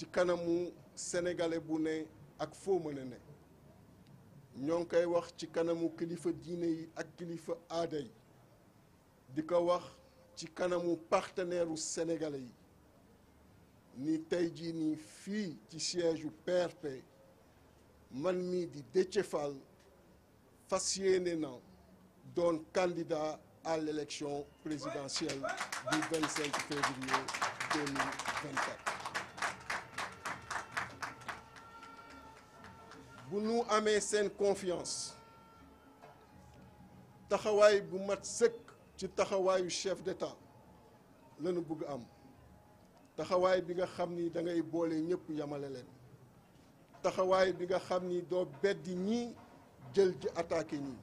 ci kanamu sénégalais bu ne ak foo mën a ñong kay adei. wax ci kanamu kilifa diiné yi ak partenaire sénégalais yi ni tey ni nii ci siège PRP man mi di Déthié Fall candidat à l'élection présidentielle du 25 février 2024 bu nu amee seen confiance taxawaay bu mat sëkk ci taxawaayu chef de d'état lanu bëgg am taxawaay bi nga xam ni dangay boole ñëpp yamale leen taxawaay bi nga xam ni doo beddi ñii jël ci attaqué ñii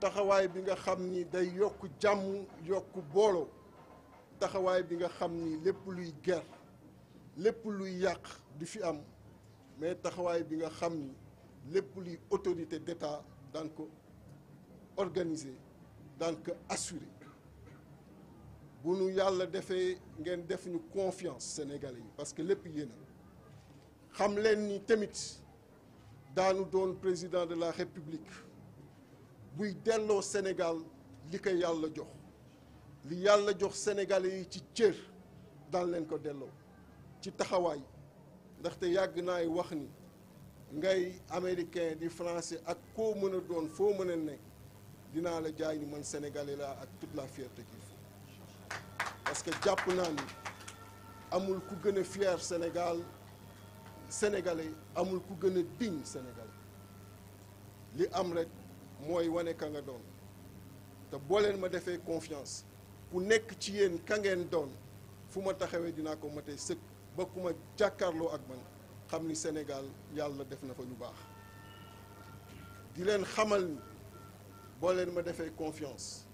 taxawaay bi nga xam ni day yokk jàmm yokk booloo taxawaay bi nga xam ni lépp luy ger lépp luy yàq di fi am mais taxawaay bi nga xam ni lépp luy autorité d'État donc ko donc daan ko assurer bu nu yàlla defee ngeen def ñu confiance sénégalais parce que lépp yéena xam leen ni tamit daanu doon président de la république buy delloo Sénégal li ko yàlla jox li yàlla jox sénégalais yi ci cër daan leen ko delloo ci taxawaay ndaxte yàgg naay wax ni ngay américain di français ak koo mën a doon foo mën a nekk dinaa la jaay ni man sénégalais la ak toute la fierté qu'il faut parce que jàpp naa ni amul ku gën a fier Sénégal sénégalais amul ku gën a digne sénégalais li am rek mooy wane ka nga doon te boo leen ma defee confiance ku nekk ci yéen ka ngeen doon fu ma taxawee dinaa ko matee sëkk ba ku ma jàkkaarloo ak man xam ni Sénégal yàlla def na fa lu baax di leen xamal ni boo leen ma defee confiance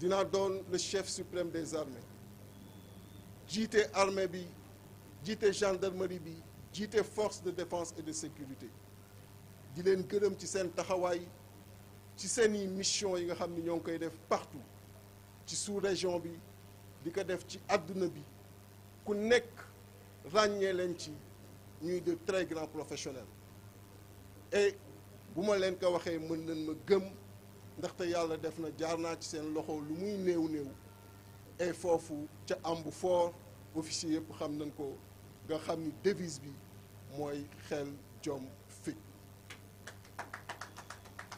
dinaa doon le chef suprême des armées jiite armée bi jiite gendarmerie bi jiite force de défense et de sécurité di leen gërëm ci seen taxawaay ci seeni mission yi nga xam ni ñoo ngi koy def partout ci sous-région bi di ko def ci àdduna bi ku nekk ràññee leen ci sommes de très grands professionnels et bu ma leen ko waxee mën nañ ma def na jaar ci seen loxo lu muy néew néew et fort officier yëpp xam nañ ko nga xam devise bi xel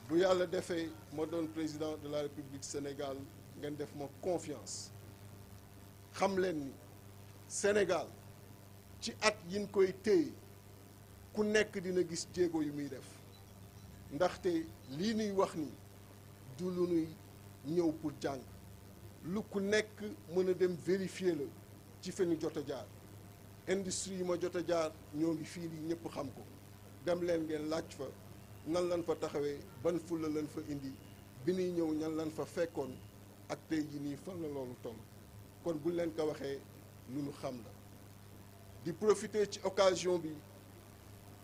bu président de la république Sénégal def ma confiance xam leen Sénégal ci at yin koy téye ku nekk dina gis jéego yi muy def ndaxte lii nuy wax ni du lu nuy ñëw pour jàng lu ku nekk mën a dem vérifier la ci fenn ñu jot jaar industrie yu ma jot a jaar ñoo ngi fii nii ñëpp xam ko dem leen ngeen laaj fa nan lan fa taxawee ban fulla lan fa indi bi ñuy ñëw ñan lan fa fekkoon ak tey yi nii fan la loolu toll kon buñ leen ko waxee lu ñu xam la di profité ci occasion bi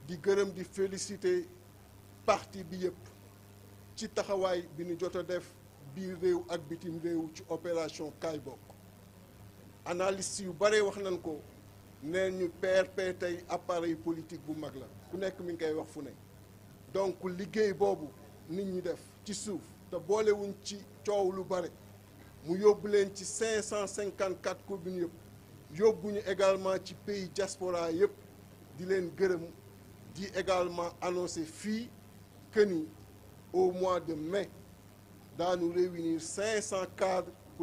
di gërëm di félicité parti bi yëpp ci taxawaay bi ñu jot a def biir réew ak bitim réew ci opération kaay bokk analyste yu bare wax nañ ko nee ñu PRP tey appareil politique bu mag la ku nekk mi ngi koy wax fu ne donc liggéey boobu nit ñi def ci suuf te boolewuñ ci coow lu bare mu yóbbu leen ci cinq 554 communes yëpp vous également ci pays diaspora Dylan di leen gërëm di également annoncer que nous, au mois de mai nous réunir 500 cadres